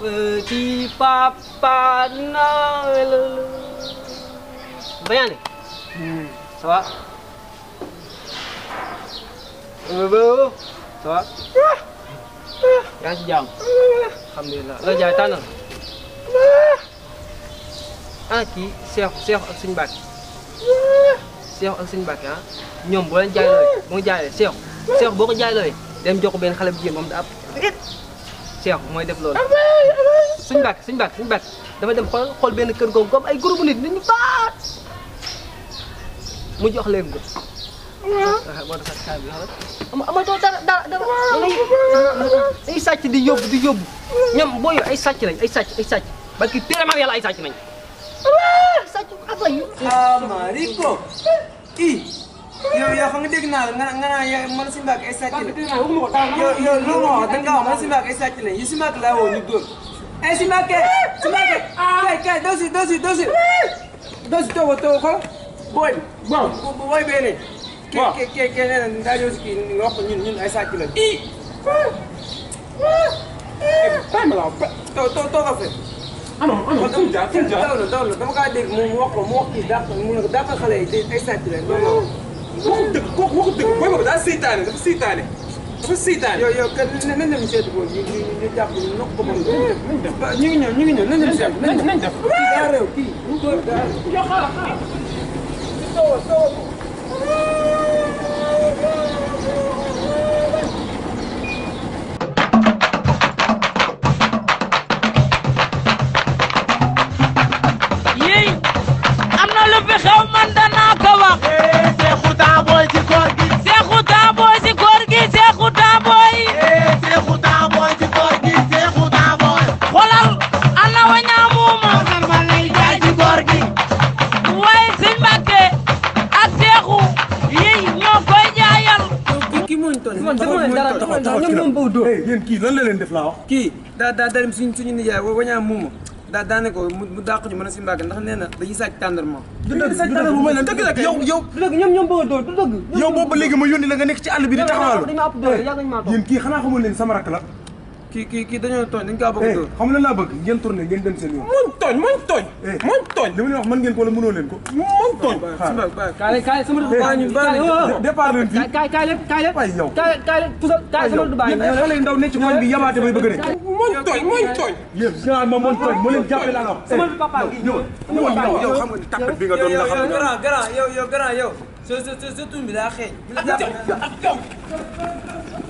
petit papa naa la Bayane. ça va. yaa ngi ci alhamdulilah loo jaay tànnal. ah kii Seexu Seexu ak suñu Mbàkke. Seexu ak suñu Mbàkke ah ñoom boo jaay looyee boo jaayee Seexu Seexu boo ko jaay looyee dem jox ko benn xale bu jigéen moom Cheikh mooy def loolu. suñu bàkk suñu bàkk suñu bàkk dama dem xool xool benn kër googu comme ay groupe nit nit ñu baat mu jox leen ko. waaw boo tax saa bi xam nga amatoo dara dara dara ay sàcc di yóbbu di yóbbu ñoom booy ay sàcc lañ ay sàcc ay sàcc parce que téere maam yàlla ay sàcc nañ. sàcc ak ay. Amariko i. yow yow xam nga dégg naa la nga nga naan yow man si mbàkk ay sàcc la yow yow loolu moo da nga wax man si mbàkk ay si mbàkk si mbàkk si booy booy bee ke ke ke nee na daa ñëw nga wax ñun ñun ay sàcc la i tay ma la fe mu wax ko mu wax mu ne ko dàq xale yi ay sàcc la waxul dëgg kooku waxul dëgg booy boobu daa seytaane dafa seytaane dafa seytaane. yow yow kat nañ dem seeti boobu ñu ñu ñu jàpp ñu nokk ko mën. nañ def ñu ngi ñëw ñu ngi ñëw nañ dem seeti nañ nañ def kii daa réew kii mu góor daa réew. yow xaaral xaaral. soo soo. xew man danaa ko wax Seexu Taaboy. Eh, Seexu Taaboy ci góor gi Seexu Taaboy. xoolal ana wa ñaamuuma. ma lay jaay ci góor gi. waaye sëñ Mbàkke ak Seexu yii ñoo koy jaayal. kii moo ñu toll. moom dara taxaw eh, kii lan la leen def laa wax. kii daa suñ suñu nijaay wa ñaamuuma. daa daane ko mu dàqu ñu mën a ndax nee na dañuy sàcc tàndarma. du dëgg du dëgg bu may na dëgg la yow yow. du dëgg ñoom ñoom bëgg a dóor du dëgg. yow boobu ba léegi ma yónni nga nekk ci di taxawal. yéen kii xanaa xamul leen sama rakk la kii kii kii dañoo tooñ dañ kaa bëgg eh, la bëgg ngeen tourné ngeen dem seen yoon moom tooñ moom eh, li ma leen wax mën ngeen ko wala mënoo leen ko moom tooñ kaay kaay sama du baañ départ leen fii leen kaay leen eh, yow oh, oh. kaay kaay leen pusal kaay sama du baañ xale yu ndaw ne ci koñ bi yabaate bay bëgg a dee moom tooñ moom tooñ yéen genre moom moom tooñ moo leen jàppee laa la wax sama papa